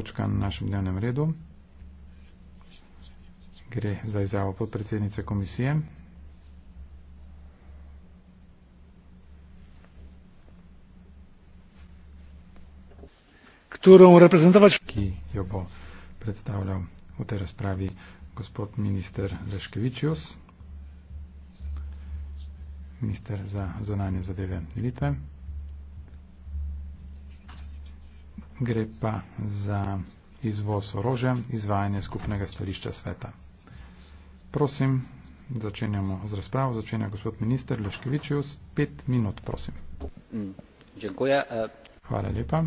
točka na našem dnevnem redu. Gre za izjavo podpredsednice komisije. ki jo bo predstavljal v tej razpravi gospod minister Leškevičius, minister za zonanje zadeve Litve. gre pa za izvoz orožja, izvajanje skupnega stališča sveta. Prosim, začenjamo z razpravo. Začenja gospod minister Leškevičius. Pet minut, prosim. Mm, e, Hvala lepa.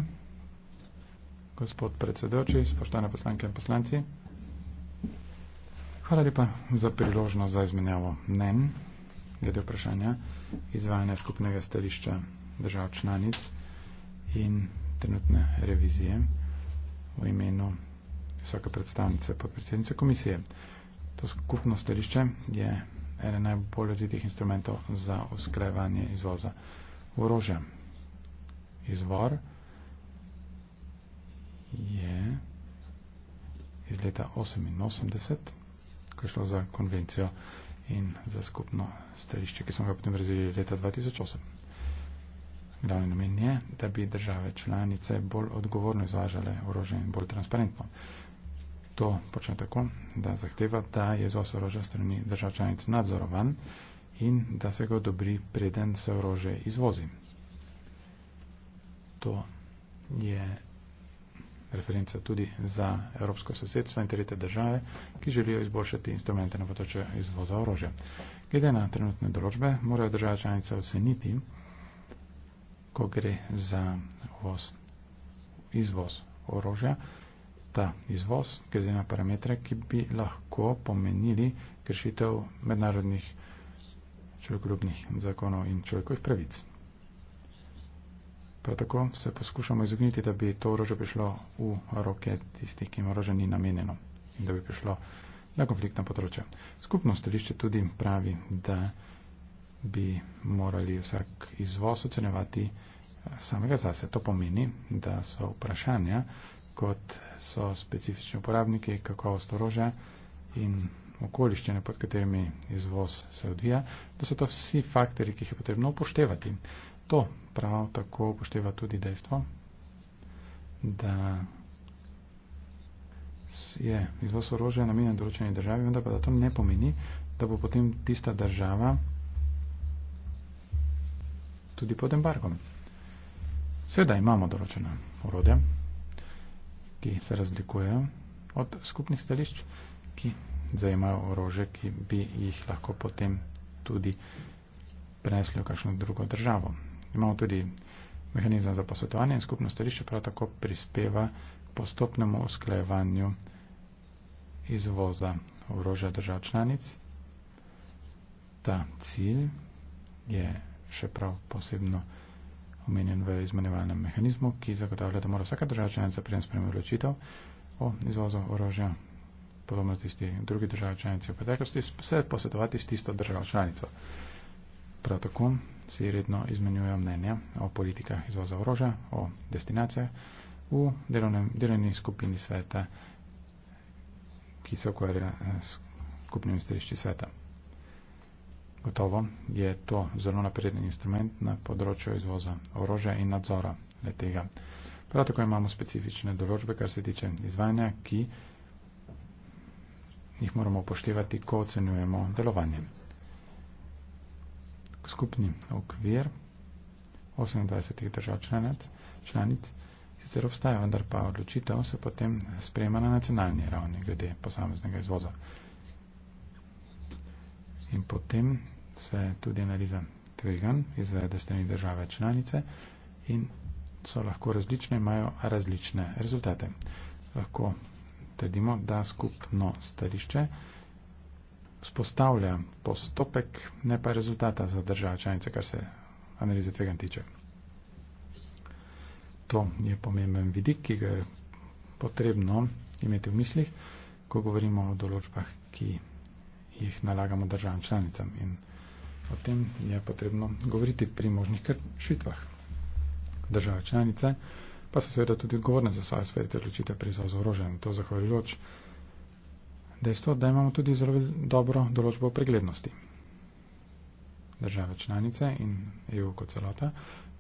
Gospod predsedoči, spoštovane poslanke in poslanci. Hvala lepa za priložnost za izmenjavo mnen glede vprašanja izvajanja skupnega stališča držav članic in trenutne revizije v imenu vsake predstavnice podpredsednice komisije. To skupno stališče je ena najbolj razvitih instrumentov za usklajevanje izvoza orožja. Izvor je iz leta 88, ko je šlo za konvencijo in za skupno stališče, ki smo ga potem razvili leta 2008. Glavni namen je, da bi države članice bolj odgovorno izvažale orožje in bolj transparentno. To počne tako, da zahteva, da je zos orožja strani držav članic nadzorovan in da se ga odobri, preden se orožje izvozi. To je referenca tudi za evropsko sosedstvo in tretje države, ki želijo izboljšati instrumente na področju izvoza orožja. Glede na trenutne določbe, morajo države članice oceniti, ko gre za voz, izvoz orožja. Ta izvoz gre na parametre, ki bi lahko pomenili kršitev mednarodnih človekoljubnih zakonov in človekovih pravic. Prav tako se poskušamo izogniti, da bi to orožje prišlo v roke tistih, ki jim orožje ni namenjeno in da bi prišlo na konfliktna področja. Skupno stališče tudi pravi, da bi morali vsak izvoz ocenjevati samega zase. To pomeni, da so vprašanja, kot so specifični uporabniki, kakovost orožja in okoliščine, pod katerimi izvoz se odvija, da so to vsi faktori, ki jih je potrebno upoštevati. To prav tako upošteva tudi dejstvo, da je izvoz orožja namenjen določeni državi, vendar pa da to ne pomeni, da bo potem tista država tudi pod embargom. Seveda imamo določena orodja, ki se razlikujejo od skupnih stališč, ki zajemajo orože, ki bi jih lahko potem tudi prenesli v kakšno drugo državo. Imamo tudi mehanizem za posvetovanje in skupno stališče prav tako prispeva k postopnemu usklajevanju izvoza orožja držav članic. Ta cilj je še prav posebno omenjen v izmenjevalnem mehanizmu, ki zagotavlja, da mora vsaka država članica prijem sprejme odločitev o izvozu orožja, podobno tisti drugi države članice v preteklosti, se posvetovati s tisto državo članico. Prav tako se redno izmenjujejo mnenja o politikah izvoza orožja, o destinacijah v delovnem, delovni skupini sveta, ki se ukvarja eh, s skupnimi stališči sveta. Gotovo je to zelo napreden instrument na področju izvoza orožja in nadzora letega. Prav tako imamo specifične določbe, kar se tiče izvajanja, ki jih moramo upoštevati, ko ocenjujemo delovanje. Skupni okvir 28 držav članic, članic sicer obstaja, vendar pa odločitev se potem sprejema na nacionalni ravni glede posameznega izvoza. In potem se tudi analiza tvegan izvede strani države članice in so lahko različne, imajo različne rezultate. Lahko trdimo, da skupno starišče spostavlja postopek, ne pa rezultata za država članice, kar se analize tvegan tiče. To je pomemben vidik, ki ga je potrebno imeti v mislih, ko govorimo o določbah, ki jih nalagamo državam članicam in članicam o tem je potrebno govoriti pri možnih kršitvah. Države članice pa so seveda tudi odgovorne za svoje sprejete odločitve pri izvozu orožja in to zahvaljujoč dejstvo, da imamo tudi zelo dobro določbo preglednosti. Države članice in EU kot celota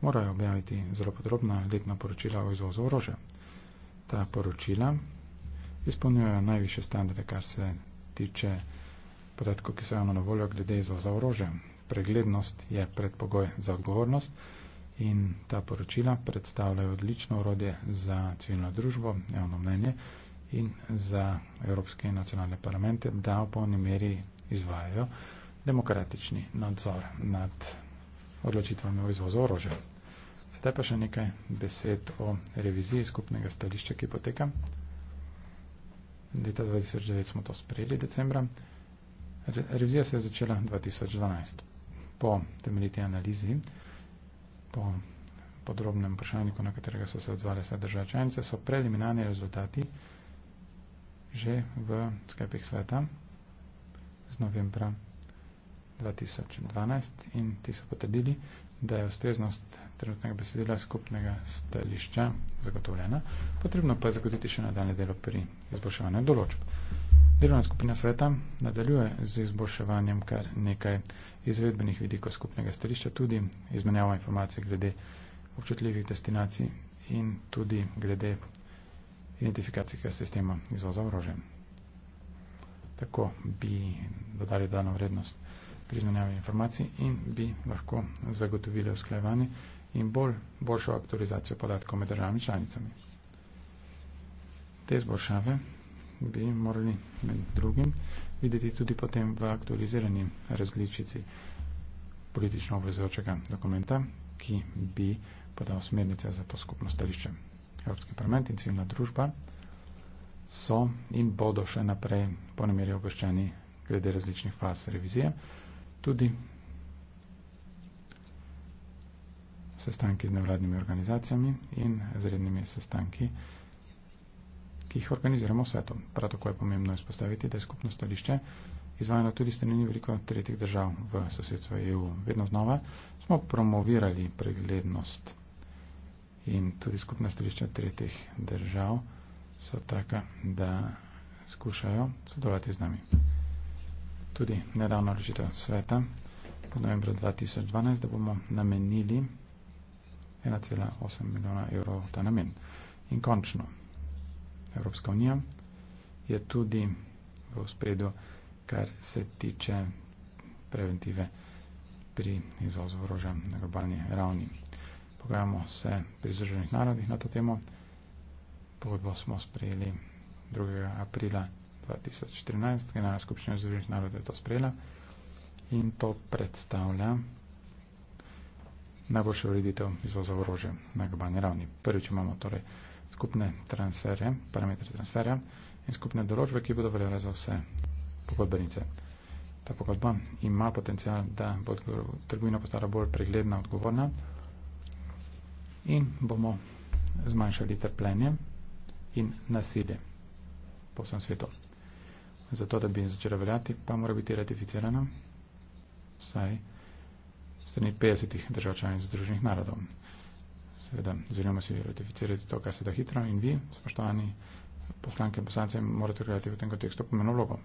morajo objaviti zelo podrobna letna poročila o izvozu orožja. Ta poročila izpolnjujejo najviše standarde, kar se tiče podatkov, ki so javno na voljo glede izvoza orožja preglednost je predpogoj za odgovornost in ta poročila predstavljajo odlično urodje za civilno družbo, javno mnenje in za evropske in nacionalne parlamente, da v polni meri izvajajo demokratični nadzor nad odločitvami o izvozu orožja. Zdaj pa še nekaj besed o reviziji skupnega stališča, ki poteka. Leta 2009 smo to sprejeli decembra. Re revizija se je začela 2012 po temeljiti analizi, po podrobnem vprašanju, na katerega so se odzvali vse države članice, so preliminarni rezultati že v sklepih sveta z novembra 2012 in ti so potrdili, da je ustreznost trenutnega besedila skupnega stališča zagotovljena. Potrebno pa je zagotoviti še nadaljne delo pri izboljševanju določb. Delovna skupina sveta nadaljuje z izboljševanjem kar nekaj izvedbenih vidikov skupnega stališča, tudi izmenjava informacij glede občutljivih destinacij in tudi glede identifikacijskega sistema izvoza orožja. Tako bi dodali dano vrednost pri izmenjavi informacij in bi lahko zagotovili usklajevanje in bolj, boljšo aktualizacijo podatkov med državami članicami. Te izboljšave bi morali med drugim videti tudi potem v aktualizirani različici politično obvezočega dokumenta, ki bi podal smernice za to skupno stališče. Evropski parlament in civilna družba so in bodo še naprej po nameri obveščeni glede različnih faz revizije, tudi sestanki z nevladnimi organizacijami in zrednimi sestanki ki jih organiziramo svetom. Prav tako je pomembno izpostaviti, da je skupno stališče izvajano tudi strani veliko tretjih držav v sosedstvu EU. Vedno znova smo promovirali preglednost in tudi skupna stališča tretjih držav so taka, da skušajo sodelovati z nami. Tudi nedavno rešitev sveta v novembru 2012, da bomo namenili 1,8 milijona evrov ta namen. In končno, Evropska unija, je tudi v uspredu, kar se tiče preventive pri izvozu orožja na globalni ravni. Pogajamo se pri Združenih narodih na to temo. Pogodbo smo sprejeli 2. aprila 2014. Generalna skupščina Združenih narodov je to sprejela in to predstavlja najboljšo ureditev izvoza orožja na globalni ravni. Prvič imamo torej skupne transferje, parametre transferja in skupne določbe, ki bodo veljale za vse pogodbenice. Ta pogodba ima potencial, da bo trgovina postala bolj pregledna, odgovorna in bomo zmanjšali trpljenje in nasilje po vsem svetu. Zato, da bi začela veljati, pa mora biti ratificirana vsaj strani 50 držav članic Združenih narodov seveda želimo si ratificirati to, kar se da hitro in vi, spoštovani poslanke in poslance, morate igrati v tem kontekstu pomeno vlogo.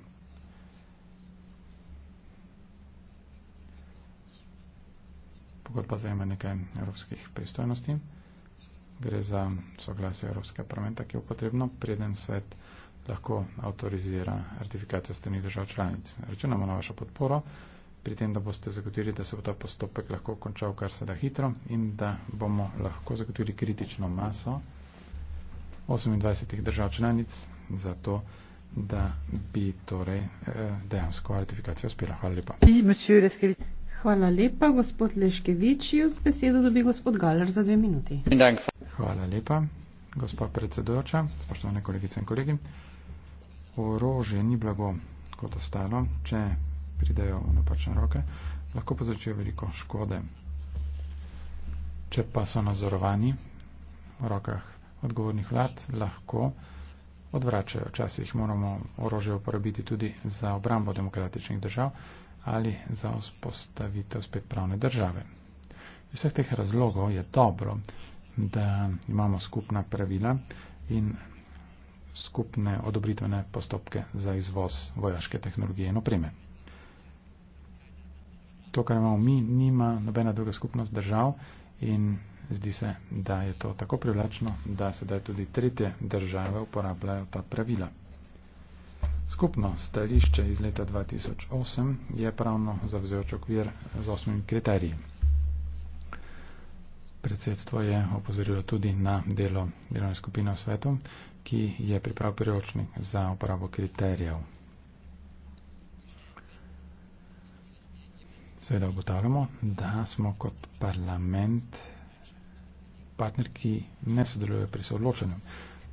Pogodba zajema nekaj evropskih pristojnosti. Gre za soglasje Evropskega parlamenta, ki je potrebno, preden svet lahko avtorizira ratifikacijo strani držav članic. Računamo na vašo podporo pri tem, da boste zagotovili, da se bo ta postopek lahko končal kar se da hitro in da bomo lahko zagotovili kritično maso 28 držav članic za to, da bi torej eh, dejansko ratifikacija uspela. Hvala lepa. Hvala lepa, gospod Leškevič. Z besedo dobi gospod Galer za dve minuti. Hvala lepa, gospa predsedujoča, spoštovane kolegice in kolegi. Orože ni blago kot ostalo. Če pridejo v napačne roke, lahko povzročijo veliko škode. Če pa so nadzorovani v rokah odgovornih vlad, lahko odvračajo. Včasih moramo orožje uporabiti tudi za obrambo demokratičnih držav ali za vzpostavitev spet pravne države. Iz vseh teh razlogov je dobro, da imamo skupna pravila in skupne odobritvene postopke za izvoz vojaške tehnologije in opreme to, kar imamo mi, nima nobena druga skupnost držav in zdi se, da je to tako privlačno, da sedaj tudi tretje države uporabljajo ta pravila. Skupno stališče iz leta 2008 je pravno zavzeoč okvir z osmimi kriteriji. Predsedstvo je opozorilo tudi na delo delovne skupine v svetu, ki je pripravil priročnik za uporabo kriterijev seveda obotavljamo, da smo kot parlament partner, ki ne sodeluje pri soodločanju.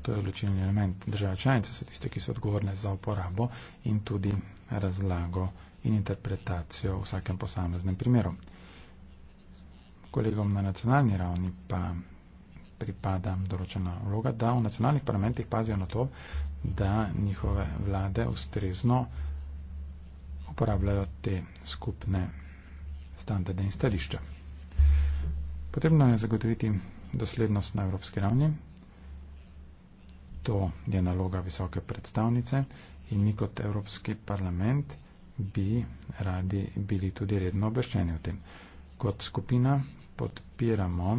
To je odločilni element. Države članice so tiste, ki so odgovorne za uporabo in tudi razlago in interpretacijo v vsakem posameznem primeru. Kolegom na nacionalni ravni pa pripada določena vloga, da v nacionalnih parlamentih pazijo na to, da njihove vlade ustrezno uporabljajo te skupne standarde in stališča. Potrebno je zagotoviti doslednost na evropski ravni. To je naloga visoke predstavnice in mi kot Evropski parlament bi radi bili tudi redno obveščeni o tem. Kot skupina podpiramo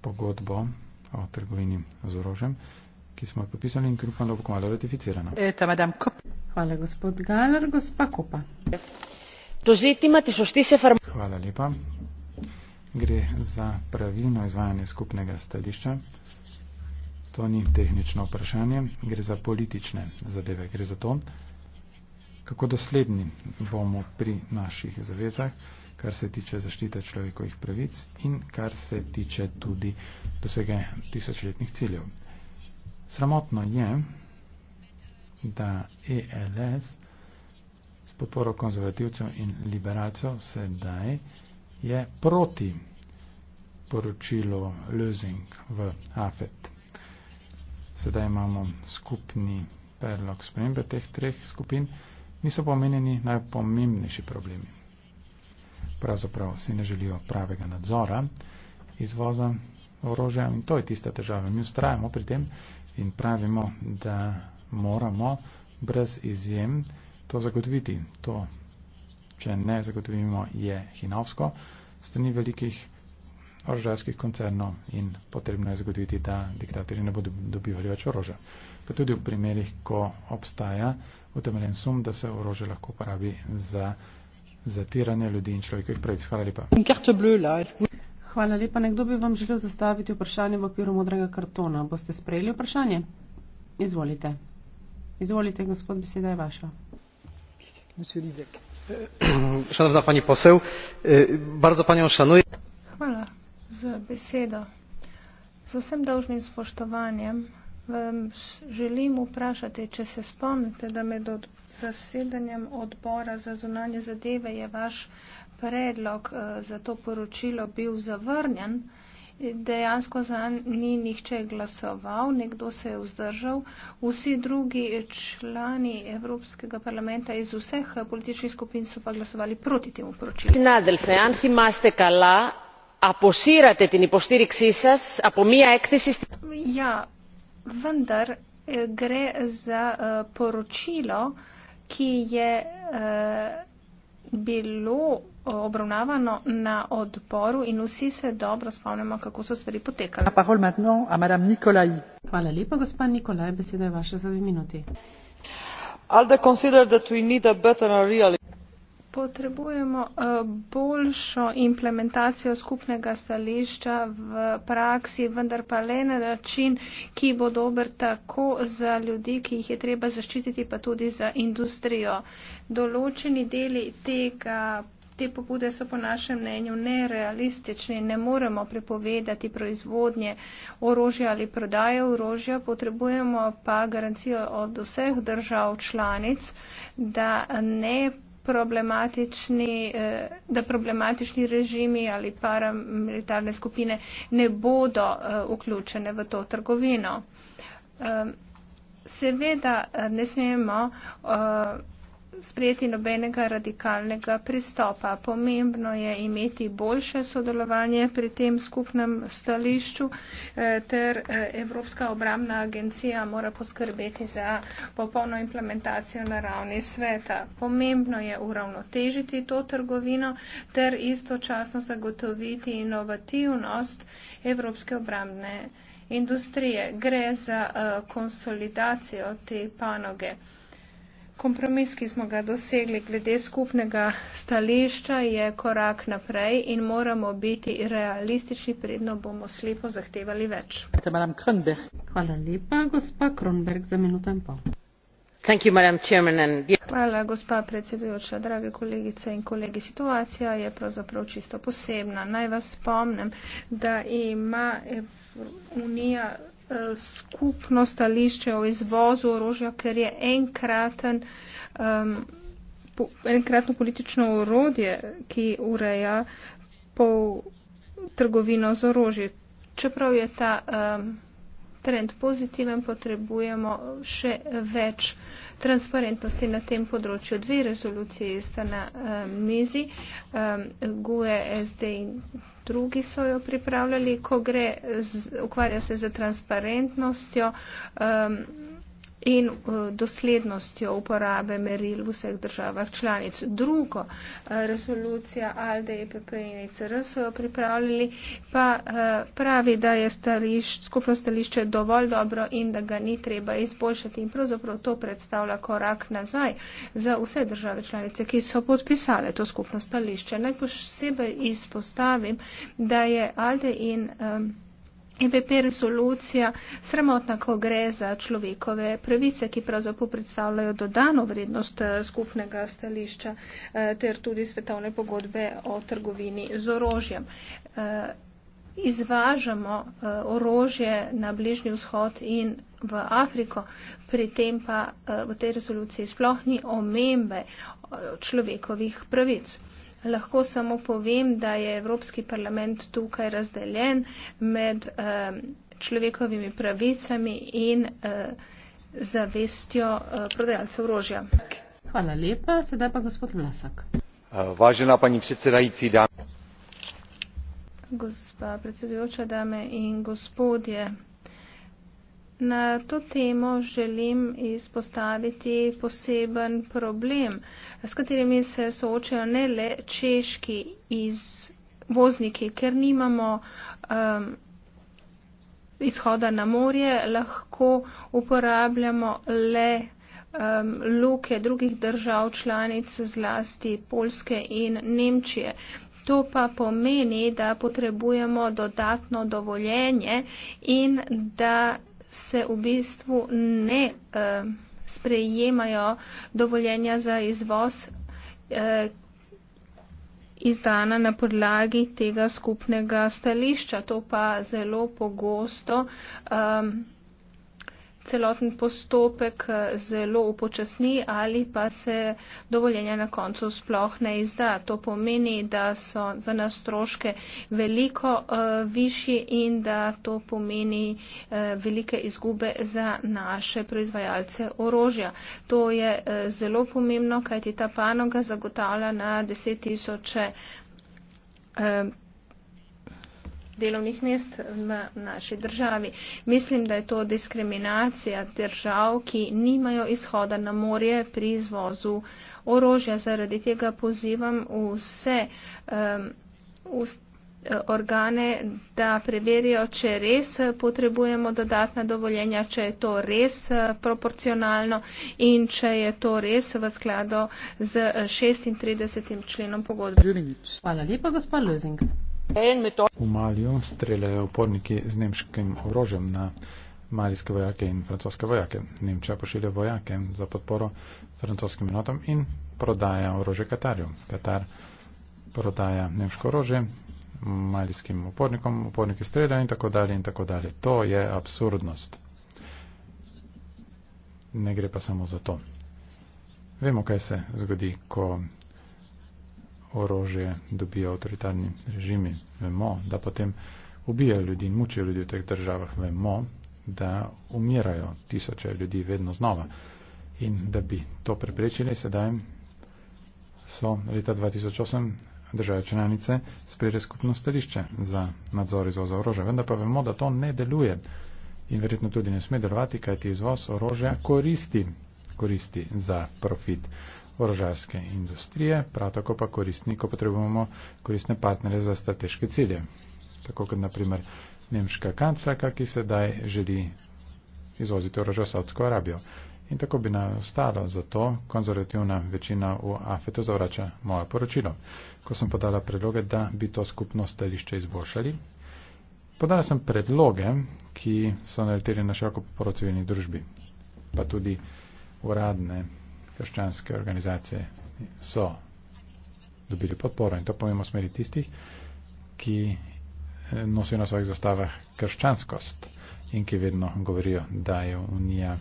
pogodbo o trgovini z orožjem, ki smo jo popisali in ki upam, da bo kmalo ratificirana. Eta, Hvala, gospod Galer, gospa Kupa to žeti imate šoštiše farmacije. Hvala lepa. Gre za pravilno izvajanje skupnega stališča. To ni tehnično vprašanje, gre za politične zadeve. Gre za to, kako dosledni bomo pri naših zavezah, kar se tiče zaštite človekovih pravic in kar se tiče tudi dosega tisočletnih ciljev. Sramotno je, da ELS podporo konzervativcev in liberalcev, sedaj je proti poročilu Lusing v AFET. Sedaj imamo skupni predlog spremembe teh treh skupin. Niso pomenjeni najpomembnejši problemi. Pravzaprav si ne želijo pravega nadzora izvoza orožja in to je tista težava. Mi ustrajamo pri tem in pravimo, da moramo brez izjem to zagotoviti. To, če ne zagotovimo, je hinovsko strani velikih orožarskih koncernov in potrebno je zagotoviti, da diktatorji ne bodo dobivali več orožja. Pa tudi v primerih, ko obstaja utemeljen sum, da se orožje lahko uporabi za zatiranje ljudi in človekovih pravic. Hvala lepa. Hvala lepa. Nekdo bi vam želel zastaviti vprašanje v okviru modrega kartona. Boste sprejeli vprašanje? Izvolite. Izvolite, gospod, beseda je vaša. szanowna pani poseł bardzo panią szanuję. hvala za besedo. z vsem dolžnim spoštovanjem vam želim vprašati če se spomnite da med od, zasedanjem odbora za zunanje zadeve je vaš predlog e, za to poročilo bil zavrnjen dejansko za ni nihče glasoval, nekdo se je vzdržal. Vsi drugi člani Evropskega parlamenta iz vseh političnih skupin so pa glasovali proti temu poročilu. Ja, vendar eh, gre za eh, poročilo, ki je eh, bilo obravnavano na odboru in vsi se dobro spomnimo, kako so stvari potekale. Hvala lepa, gospa Nikolaj, beseda je vaša za dve minuti. Potrebujemo eh, boljšo implementacijo skupnega stališča v praksi, vendar pa le na način, ki bo dober tako za ljudi, ki jih je treba zaščititi, pa tudi za industrijo. Določeni deli tega te pobude so po našem mnenju nerealistične. Ne moremo prepovedati proizvodnje orožja ali prodaje orožja, potrebujemo pa garancijo od vseh držav članic, da ne problematični, eh, da problematični režimi ali paramilitarne skupine ne bodo eh, vključene v to trgovino. Eh, seveda ne smemo sprejeti nobenega radikalnega pristopa. Pomembno je imeti boljše sodelovanje pri tem skupnem stališču eh, ter eh, Evropska obramna agencija mora poskrbeti za popolno implementacijo na ravni sveta. Pomembno je uravnotežiti to trgovino ter istočasno zagotoviti inovativnost Evropske obramne industrije. Gre za eh, konsolidacijo te panoge kompromis, ki smo ga dosegli glede skupnega stališča, je korak naprej in moramo biti realistični, predno bomo slepo zahtevali več. Hvala lepa, gospa Kronberg, za minuto in pol. You, Hvala, gospa predsedujoča, drage kolegice in kolegi. Situacija je pravzaprav čisto posebna. Naj vas spomnim, da ima Unija. Evro... Eh, skupno stališče o izvozu orožja, ker je enkraten, um, po, enkratno politično orodje, ki ureja pol trgovino z orožje. Čeprav je ta um, trend pozitiven, potrebujemo še več transparentnosti na tem področju. Dve rezolucije sta na um, mizi, um, GUE, SD in drugi so jo pripravljali, ko gre, z, ukvarja se z transparentnostjo. Um, in eh, doslednostjo uporabe meril v vseh državah članic. Drugo, eh, resolucija ALDE, EPP in ECR so jo pripravljali, pa eh, pravi, da je stališ, skupno stališče dovolj dobro in da ga ni treba izboljšati in pravzaprav to predstavlja korak nazaj za vse države članice, ki so podpisale to skupno stališče. Naj posebej izpostavim, da je ALDE in um, EPP resolucija sramotna, ko gre za človekove pravice, ki pravzaprav predstavljajo dodano vrednost eh, skupnega stališča eh, ter tudi svetovne pogodbe o trgovini z orožjem. Eh, izvažamo orožje na Bližnji vzhod in v Afriko, pri tem pa v tej resoluciji sploh ni omembe človekovih pravic. Lahko samo povem, da je Evropski parlament tukaj razdeljen med eh, človekovimi pravicami in eh, zavestjo eh, prodajalcev orožja. Hvala lepa, sedaj pa gospod Vlasak. Eh, Važena pani predsedajci, dame. Gospa predsedujoča, dame in gospodje. Na to temo želim izpostaviti poseben problem, s katerimi se soočajo ne le češki izvozniki, ker nimamo um, izhoda na morje, lahko uporabljamo le um, luke drugih držav članic, zlasti Polske in Nemčije. To pa pomeni, da potrebujemo dodatno dovoljenje in da se v bistvu ne eh, sprejemajo dovoljenja za izvoz eh, izdana na podlagi tega skupnega stališča. To pa zelo pogosto. Eh, celoten postopek eh, zelo upočasni ali pa se dovoljenja na koncu sploh ne izda. To pomeni, da so za nas stroške veliko uh, višji in da to pomeni uh, velike izgube za naše proizvajalce orožja. To je uh, zelo pomembno, kajti ta panoga zagotavlja na deset tisoče. Uh, delovnih mest v naši državi. Mislim, da je to diskriminacija držav, ki nimajo izhoda na morje pri izvozu orožja. Zaradi tega pozivam vse um, organe, da preverijo, če res potrebujemo dodatna dovoljenja, če je to res uh, proporcionalno in če je to res v skladu z 36. členom pogodbe. Hvala lepa, gospod Lozing. V Malju streljajo uporniki z nemškim orožjem na malijske vojake in francoske vojake. Nemčija pošilja vojake za podporo francoskim enotam in prodaja orožje Katarju. Katar prodaja nemško orožje malijskim upornikom, uporniki streljajo in tako dalje in tako dalje. To je absurdnost. Ne gre pa samo za to. Vemo, kaj se zgodi, ko orožje dobijo avtoritarni režimi. Vemo, da potem ubijajo ljudi in mučijo ljudi v teh državah. Vemo, da umirajo tisoče ljudi vedno znova. In da bi to preprečili, sedaj so leta 2008 države članice sprejeli skupno stališče za nadzor izvoza orožja. Vendar pa vemo, da to ne deluje in verjetno tudi ne sme delovati, kajti izvoz orožja koristi, koristi za profit orožarske industrije, prav tako pa koristniko potrebujemo koristne partnere za strateške cilje. Tako kot naprimer nemška kanclerka, ki sedaj želi izvoziti orožje v Saudsko Arabijo. In tako bi nam ostalo, zato konzervativna večina v AFET-u zavrača moje poročilo. Ko sem podala predloge, da bi to skupno stališče izboljšali, podala sem predloge, ki so naleteli na široko podporo civilni družbi, pa tudi uradne hrščanske organizacije so dobili podporo in to pomembno smeri tistih, ki eh, nosijo na svojih zastavah krščanskost in ki vedno govorijo, da je unija,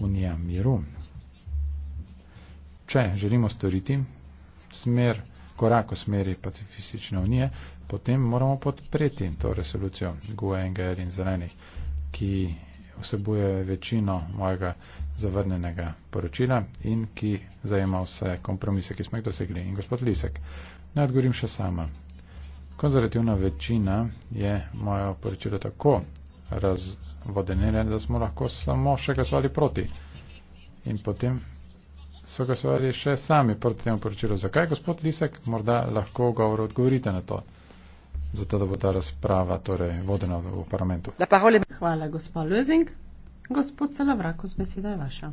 unija miru. Če želimo storiti smer, korak v smeri pacifistične unije, potem moramo podpreti to resolucijo GUE, NGR in zelenih, ki vsebuje večino mojega zavrnenega poročila in ki zajema vse kompromise, ki smo jih dosegli. In gospod Lisek, naj odgovorim še sama. Konzervativna večina je moja poročilo tako razvodenila, da smo lahko samo še glasovali proti. In potem so glasovali še sami proti temu poročilu. Zakaj, gospod Lisek, morda lahko govor odgovorite na to? zato da bo ta razprava torej vodena v parlamentu. Hvala, gospa Lözing. Gospod Salavrakos, beseda je vaša.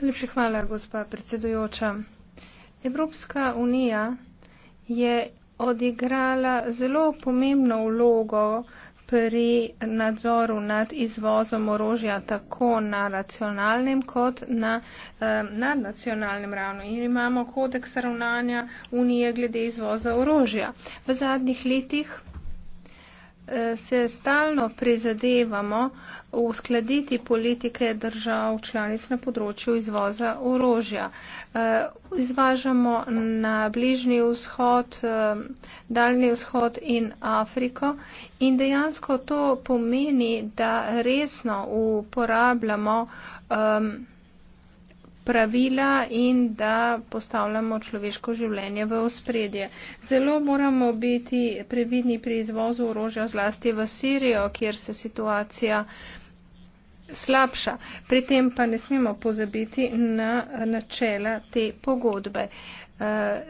Najlepša hvala, gospa predsedujoča. Evropska unija je odigrala zelo pomembno vlogo pri nadzoru nad izvozom orožja tako na racionalnem kot na eh, nadnacionalnem ravno. In imamo kodeks ravnanja Unije glede izvoza orožja. V zadnjih letih se stalno prizadevamo uskladiti politike držav članic na področju izvoza orožja. E, izvažamo na bližnji vzhod, e, daljni vzhod in Afriko in dejansko to pomeni, da resno uporabljamo um, pravila in da postavljamo človeško življenje v ospredje. Zelo moramo biti previdni pri izvozu orožja zlasti v Sirijo, kjer se situacija slabša. Pri tem pa ne smemo pozabiti na načela te pogodbe. Uh,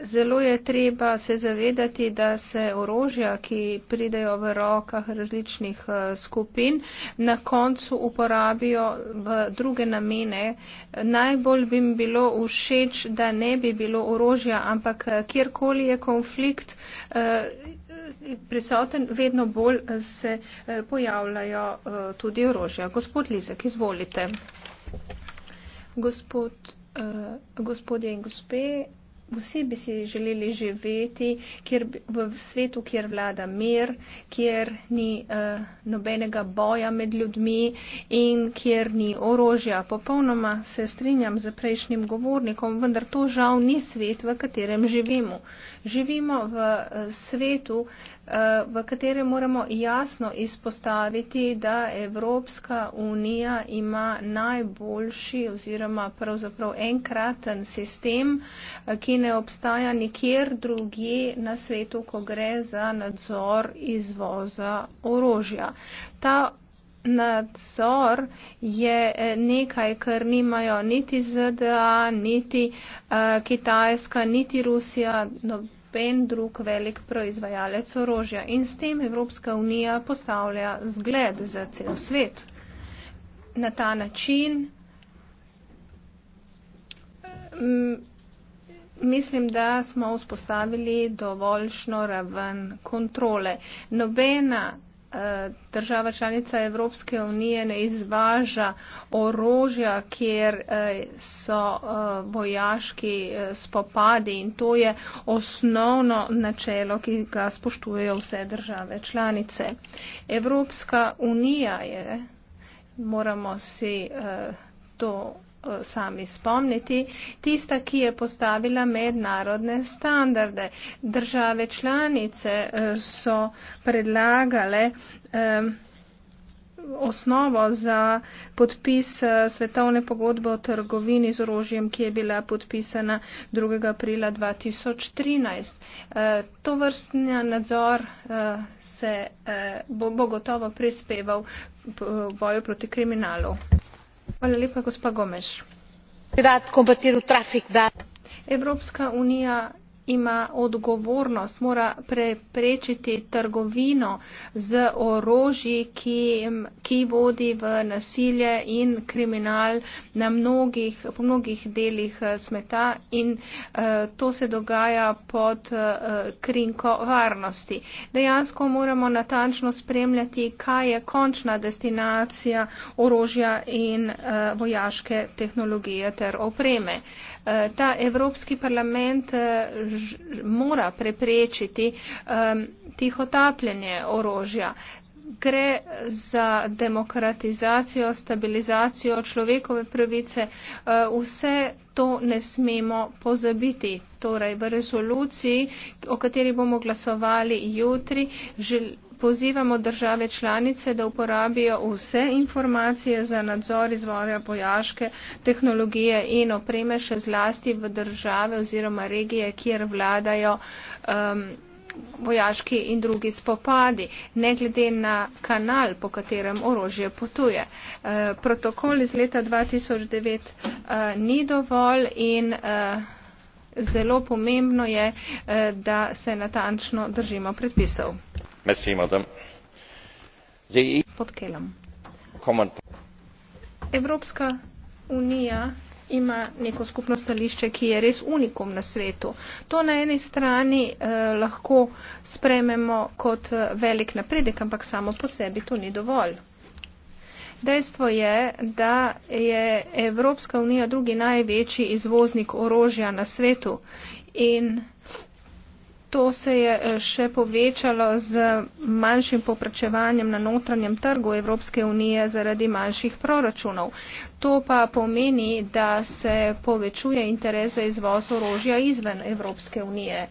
Zelo je treba se zavedati, da se orožja, ki pridejo v rokah različnih eh, skupin, na koncu uporabijo v druge namene. Najbolj bi mi bilo všeč, da ne bi bilo orožja, ampak eh, kjerkoli je konflikt eh, prisoten, vedno bolj se pojavljajo tudi orožja. Gospod Lizek, izvolite. Gospod, gospodje in gospe. Vsi bi si želeli živeti kjer, v svetu, kjer vlada mir, kjer ni uh, nobenega boja med ljudmi in kjer ni orožja. Popolnoma se strinjam z prejšnjim govornikom, vendar to žal ni svet, v katerem živimo. Živimo v uh, svetu, uh, v katerem moramo jasno izpostaviti, da Evropska unija ima najboljši oziroma pravzaprav enkraten sistem, uh, ne obstaja nikjer drugje na svetu, ko gre za nadzor izvoza orožja. Ta nadzor je eh, nekaj, kar nimajo niti ZDA, niti uh, Kitajska, niti Rusija. No, pen drug velik proizvajalec orožja in s tem Evropska unija postavlja zgled za cel svet. Na ta način mm, Mislim, da smo vzpostavili dovoljšno raven kontrole. Nobena eh, država članica Evropske unije ne izvaža orožja, kjer eh, so eh, vojaški spopadi in to je osnovno načelo, ki ga spoštujejo vse države članice. Evropska unija je, moramo si to Eh, sami spomniti, tista, ki je postavila mednarodne standarde. Države članice eh, so predlagale eh, osnovo za podpis svetovne pogodbe o trgovini z orožjem, ki je bila podpisana 2. aprila 2013. To vrstni nadzor se bo gotovo prispeval v boju proti kriminalu evropska unija je v zadnjih letih dosegla precej napredka pri boju proti terorizmu ima odgovornost, mora preprečiti trgovino z orožji, ki, ki vodi v nasilje in kriminal na mnogih, po mnogih delih eh, smeta in eh, to se dogaja pod eh, krinko varnosti. Dejansko moramo natančno spremljati, kaj je končna destinacija orožja in eh, vojaške tehnologije ter opreme. Eh, ta Evropski parlament eh, mora preprečiti um, tihotapljenje orožja. Gre za demokratizacijo, stabilizacijo človekove pravice. Uh, vse to ne smemo pozabiti. Torej, v rezoluciji, o kateri bomo glasovali jutri, pozivamo države članice, da uporabijo vse informacije za nadzor izvora bojaške tehnologije in opreme še zlasti v države oziroma regije, kjer vladajo um, vojaški in drugi spopadi, ne glede na kanal, po katerem orožje potuje. E, protokol iz leta 2009 e, uh, ni dovolj in e, zelo pomembno je, e, da se natančno držimo predpisov evropska unija ima neko skupno stališče ki je res unikum na svetu to na eni strani eh, lahko sprememo kot eh, velik napredek ampak samo po sebi to ni dovolj Dejstvo je, da je Evropska unija drugi največji izvoznik orožja na svetu in To se je eh, še povečalo z manjšim popračevanjem na notranjem trgu Evropske unije zaradi manjših proračunov. To pa pomeni, da se povečuje interes za izvoz orožja izven Evropske unije.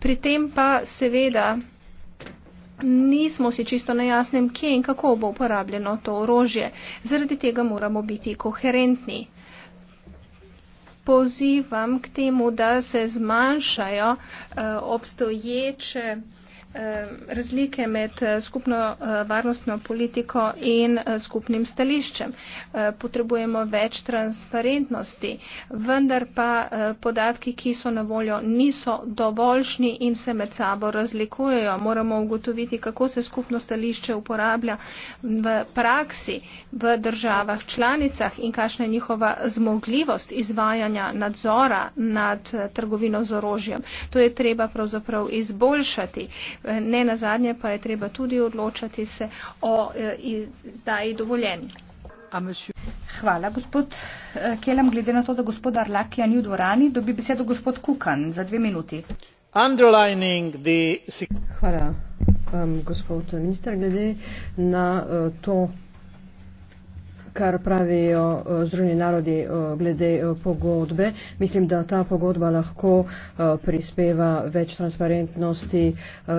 Pri tem pa seveda nismo si čisto na jasnem, kje in kako bo uporabljeno to orožje. Zaradi tega moramo biti koherentni pozivam k temu, da se zmanjšajo eh, obstoječe razlike med eh, skupno eh, varnostno politiko in eh, skupnim stališčem. Potrebujemo več transparentnosti, vendar pa podatki, ki so na voljo, niso dovoljšni in se med sabo razlikujejo. Moramo ugotoviti, kako se skupno stališče uporablja v praksi v državah članicah in kakšna je njihova zmogljivost izvajanja nadzora nad trgovino z orožjem. To je treba pravzaprav izboljšati ne nazadnje pa je treba tudi odločati se o e, izdaji dovoljenj. Hvala, gospod e, Kelem. Glede na to, da gospod Arlakija ni v dvorani, dobi besedo gospod Kukan za dve minuti. The... Hvala, um, gospod minister. Glede na uh, to, kar pravijo eh, Združeni narodi eh, glede eh, pogodbe. Mislim, da ta pogodba lahko prispeva več transparentnosti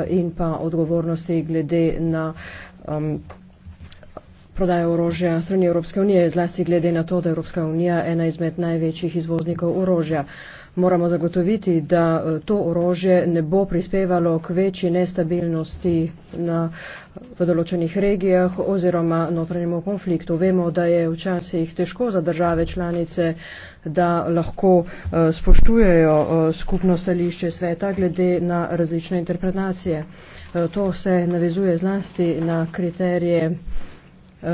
in pa odgovornosti glede na prodajo orožja strani Evropske unije, zlasti glede na to, da Evropska unija je ena izmed največjih izvoznikov orožja moramo zagotoviti, da eh, to orožje ne bo prispevalo k večji nestabilnosti na, v določenih regijah oziroma notranjemu konfliktu. Vemo, da je včasih težko za države članice, da lahko uh, spoštujejo uh, skupno stališče sveta glede na različne interpretacije. Uh, to se navezuje zlasti na kriterije. Uh,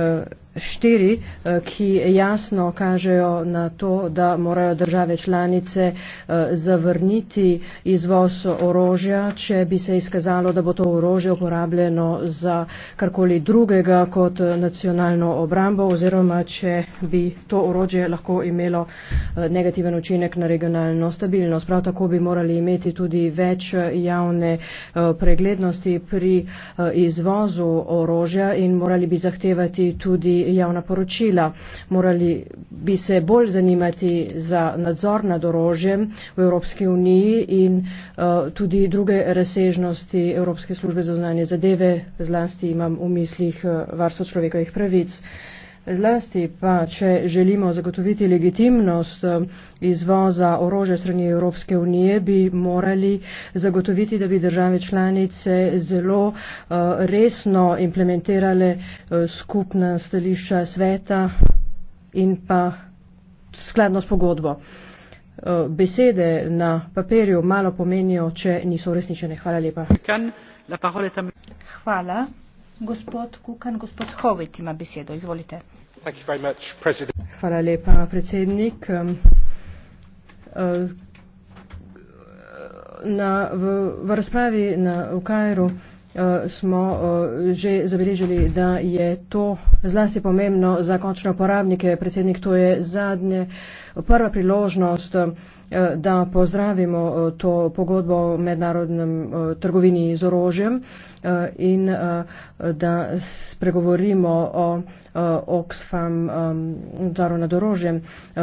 štiri, eh, ki jasno kažejo na to, da morajo države članice eh, zavrniti izvoz orožja, če bi se izkazalo, da bo to orožje uporabljeno za karkoli drugega kot eh, nacionalno obrambo oziroma če bi to orožje lahko imelo negativen učinek na regionalno stabilnost. Prav tako bi morali imeti tudi več javne preglednosti pri izvozu orožja in morali bi zahtevati tudi javna poročila. Morali bi se bolj zanimati za nadzor nad orožjem v Evropski uniji in uh, tudi druge razsežnosti Evropske službe za vznanje zadeve, zlasti imam v mislih uh, varstvo človekovih pravic. Uh, Zlasti pa, če želimo zagotoviti legitimnost um, izvoza orože strani Evropske unije, bi morali zagotoviti, da bi države članice zelo uh, resno implementirale uh, skupna stališča sveta in pa skladno s pogodbo. Uh, besede na papirju malo pomenijo, če niso resničene. Hvala lepa. Hvala. Gospod Kukan, gospod Hovit ima besedo. Izvolite. Much, Hvala lepa, predsednik. Um, uh, na, v, v razpravi na, v Kajru uh, smo uh, že zabeležili, da je to zlasti pomembno za končne uporabnike. Predsednik, to je zadnje, prva priložnost um, Eh, da pozdravimo eh, to pogodbo o mednarodnem eh, trgovini z orožjem in da spregovorimo o Oxfam zaro nad orožjem.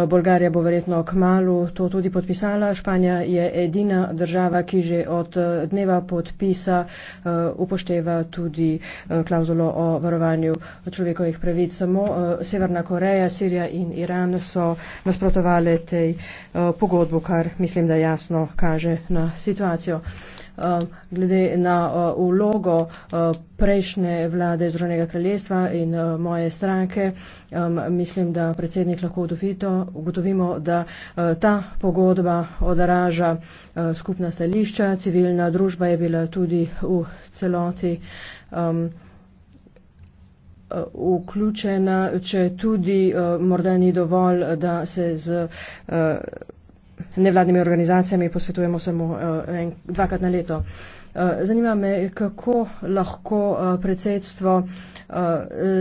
Bolgarija bo verjetno k malu to tudi podpisala. Španija je edina država, ki že od dneva podpisa upošteva tudi klauzulo o varovanju človekovih pravic. Samo Severna Koreja, Sirija in Iran so nasprotovali tej pogodbi zgodbo, kar mislim, da jasno kaže na situacijo. Um, glede na ulogo uh, uh, prejšnje vlade Združenega kraljestva in uh, moje stranke, um, mislim, da predsednik lahko ugotovimo, da ta pogodba odraža skupna stališča. Civilna družba je bila tudi v celoti um, vključena, če tudi morda ni dovolj, da se z nevladnimi organizacijami posvetujemo samo uh, eh, en, dvakrat na leto. Uh, zanima me, kako lahko uh, predsedstvo uh,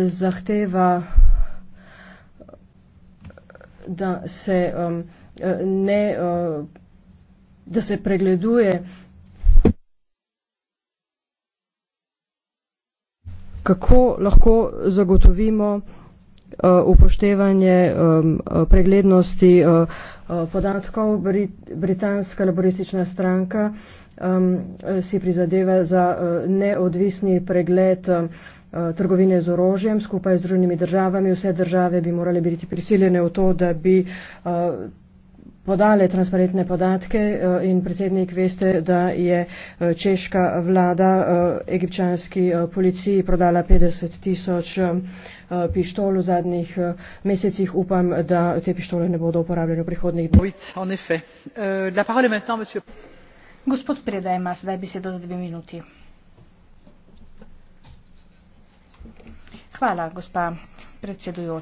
zahteva, da se, um, ne, uh, da se pregleduje. Kako lahko zagotovimo, Eh, upoštevanje eh, preglednosti eh, podatkov. Britanska laboristična stranka si prizadeva za neodvisni pregled trgovine z orožjem skupaj z drugimi državami. Vse države bi morali biti prisiljene v to, da bi podale transparentne podatke eh, in predsednik veste, da je eh, češka vlada eh, egipčanski policiji prodala 50 tisoč pištol v zadnjih mesecih. Upam, da te pištole ne bodo uporabljene v prihodnjih dneh. Euh,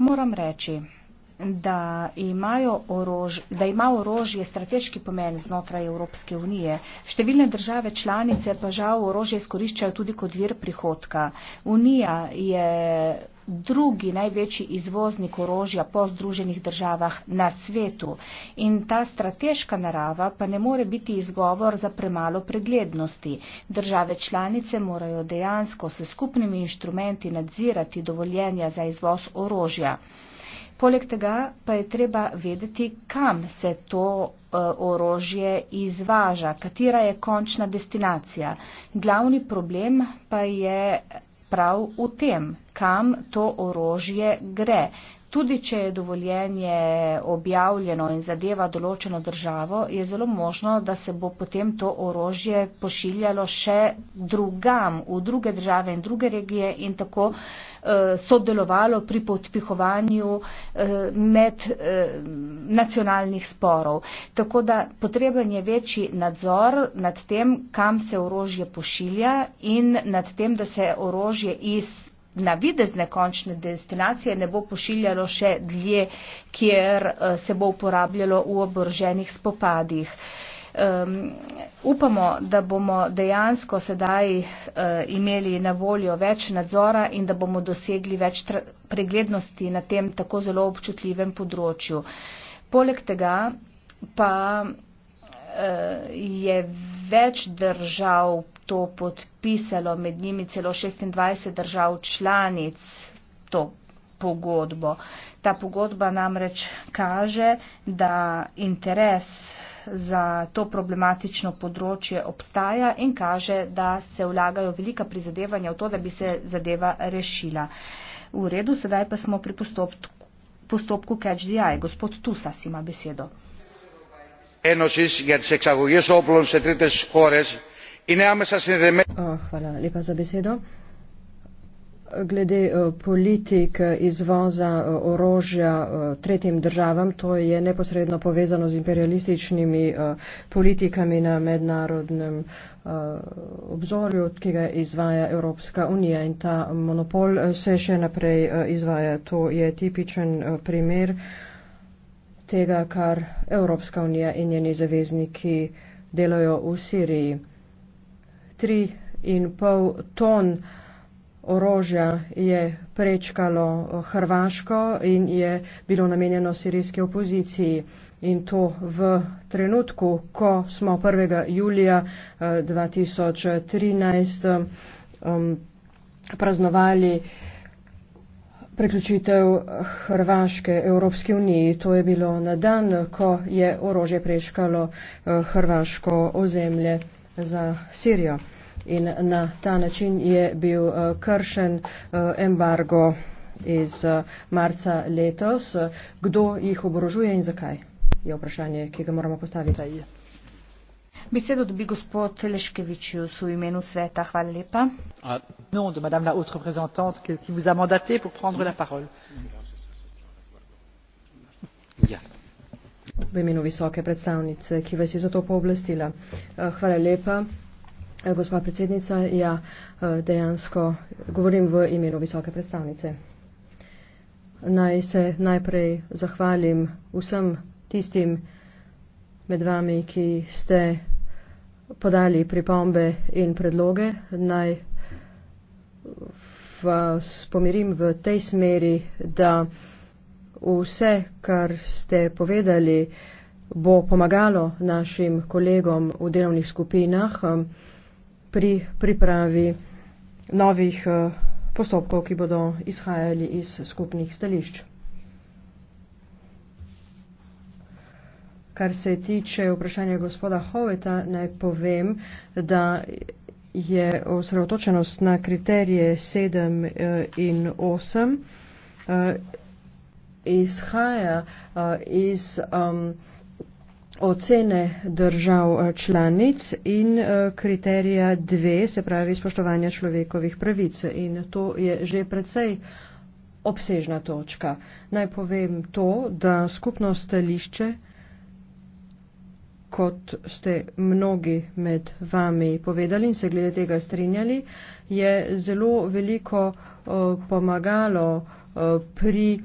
Moram reči, da, imajo orož, da ima orožje strateški pomen znotraj Evropske unije. Številne države članice pa žal orožje izkoriščajo tudi kot vir prihodka. Unija je drugi največji izvoznik orožja po združenih državah na svetu. In ta strateška narava pa ne more biti izgovor za premalo preglednosti. Države članice morajo dejansko s skupnimi inštrumenti nadzirati dovoljenja za izvoz orožja. Poleg tega pa je treba vedeti, kam se to eh, orožje izvaža, katera je končna destinacija. Glavni problem pa je prav v tem, kam to orožje gre. Tudi, če je dovoljenje objavljeno in zadeva določeno državo, je zelo možno, da se bo potem to orožje pošiljalo še drugam, v druge države in druge regije in tako Eh, sodelovalo pri podpihovanju eh, mednacionalnih eh, sporov. Tako da potreben je večji nadzor nad tem, kam se orožje pošilja in nad tem, da se orožje iz na videzne končne destinacije ne bo pošiljalo še dlje, kjer se bo uporabljalo v oboroženih spopadih. Upamo, da bomo dejansko sedaj eh, imeli na voljo več nadzora in da bomo dosegli več preglednosti na tem tako zelo občutljivem področju. Poleg tega pa eh, je več držav to podpisalo, med njimi celo 26 držav članic to pogodbo. Ta pogodba namreč kaže, da interes za to problematično področje obstaja in kaže, da se vlagajo velika prizadevanja v to, da bi se zadeva rešila. V redu, sedaj pa smo pri postopku, postopku Catch the Eye. Gospod Tusas ima besedo. Enosis, oblom, se oh, hvala lepa za besedo glede eh, politik eh, izvoza eh, orožja tretjim državam, to je neposredno povezano z imperialističnimi politikami na mednarodnem obzorju, ki ga izvaja Evropska unija in ta monopol se še naprej izvaja. To je tipičen primer tega, kar Evropska unija in njeni zavezniki delajo v Siriji. Tri in pol ton orožja je prečkalo eh, Hrvaško in je bilo namenjeno sirijski opoziciji. In to v trenutku, ko smo 1. julija 2013 eh, um, praznovali priključitev Hrvaške Evropske unije. To je bilo na dan, ko je orožje prečkalo eh, Hrvaško ozemlje za Sirijo in na ta način je bil eh, kršen eh, embargo iz eh, marca letos. Kdo jih obrožuje in zakaj? Je vprašanje, ki ga moramo postaviti. Besedo dobi gospod Teleškevič v imenu sveta. Hvala lepa. Ah, ja. V imenu visoke predstavnice, ki vas je za to pooblastila. Hvala lepa. Eh, gospa predsednica, ja, eh, dejansko govorim v imenu visoke predstavnice. Naj se najprej zahvalim vsem tistim med vami, ki ste podali pripombe in predloge. Naj vas pomirim v tej smeri, da vse, kar ste povedali, bo pomagalo našim kolegom v delovnih skupinah. Eh, pri pripravi novih eh, postopkov, ki bodo izhajali iz skupnih stališč. Kar se tiče vprašanja gospoda Hoveta, naj povem, da je osredotočenost na kriterije 7 eh, in 8 eh, izhaja iz um, ocene držav eh, članic in eh, kriterija dve, se pravi spoštovanja človekovih pravic. In to je že precej obsežna točka. Naj povem to, da skupno stališče, kot ste mnogi med vami povedali in se glede tega strinjali, je zelo veliko eh, pomagalo pri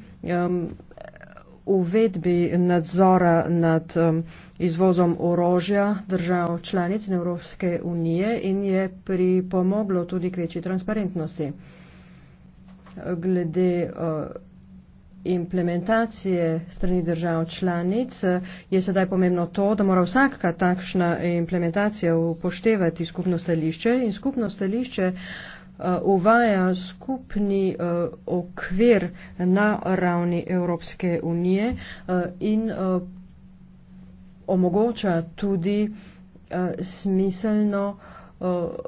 uvedbi nadzora nad um, izvozom orožja držav članic Evropske unije in je pripomoglo tudi k večji transparentnosti. Glede uh, implementacije strani držav članic uh, je sedaj pomembno to, da mora vsaka takšna implementacija upoštevati skupno stališče in skupno stališče uh, Eh, uvaja skupni eh, okvir na ravni Evropske unije eh, in omogoča tudi smiselno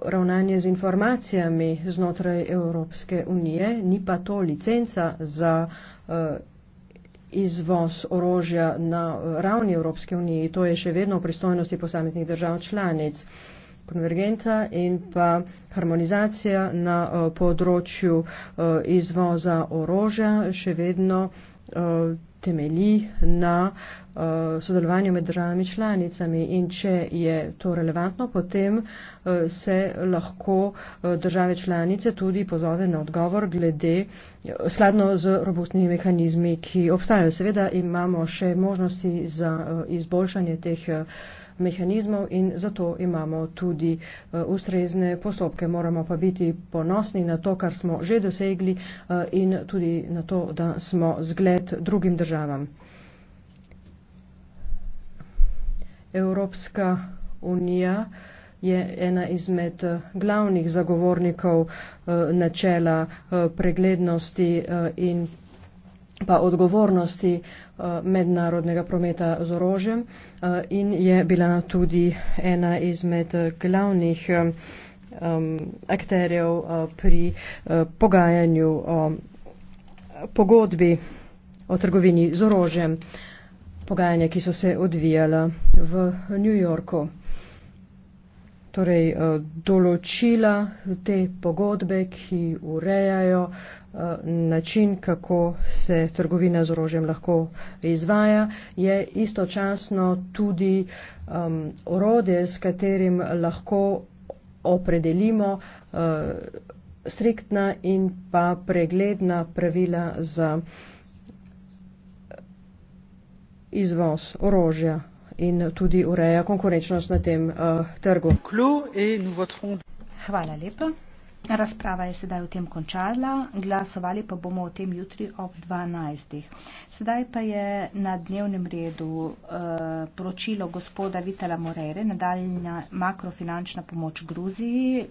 ravnanje z informacijami znotraj Evropske unije, ni pa to licenca za izvoz orožja na ravni Evropske unije. To je še vedno v pristojnosti posameznih držav članic konvergenta in pa harmonizacija na eh, področju eh, izvoza orožja še vedno eh, temelji na sodelovanju med državami članicami in če je to relevantno, potem se lahko države članice tudi pozove na odgovor glede skladno z robustnimi mehanizmi, ki obstajajo. Seveda imamo še možnosti za izboljšanje teh mehanizmov in zato imamo tudi eh, ustrezne postopke. Moramo pa biti ponosni na to, kar smo že dosegli eh, in tudi na to, da smo zgled drugim državam. Evropska unija je ena izmed eh, glavnih zagovornikov načela preglednosti in pa odgovornosti eh, mednarodnega prometa z orožjem eh, in je bila tudi ena izmed eh, glavnih akterjev pri pogajanju o pogodbi o trgovini z orožjem, pogajanja, ki so se odvijala v New Yorku torej, eh, določila te pogodbe, ki urejajo eh, način, kako se trgovina z orožjem lahko izvaja, je istočasno tudi um, orodje, s katerim lahko opredelimo uh, striktna in pa pregledna pravila za izvoz orožja in tudi ureja konkurenčnost na tem uh, trgu. Hvala lepa. Razprava je sedaj v tem končala, glasovali pa bomo o tem jutri ob 12. Sedaj pa je na dnevnem redu uh, poročilo gospoda Vitala Morere, nadaljna makrofinančna pomoč Gruziji.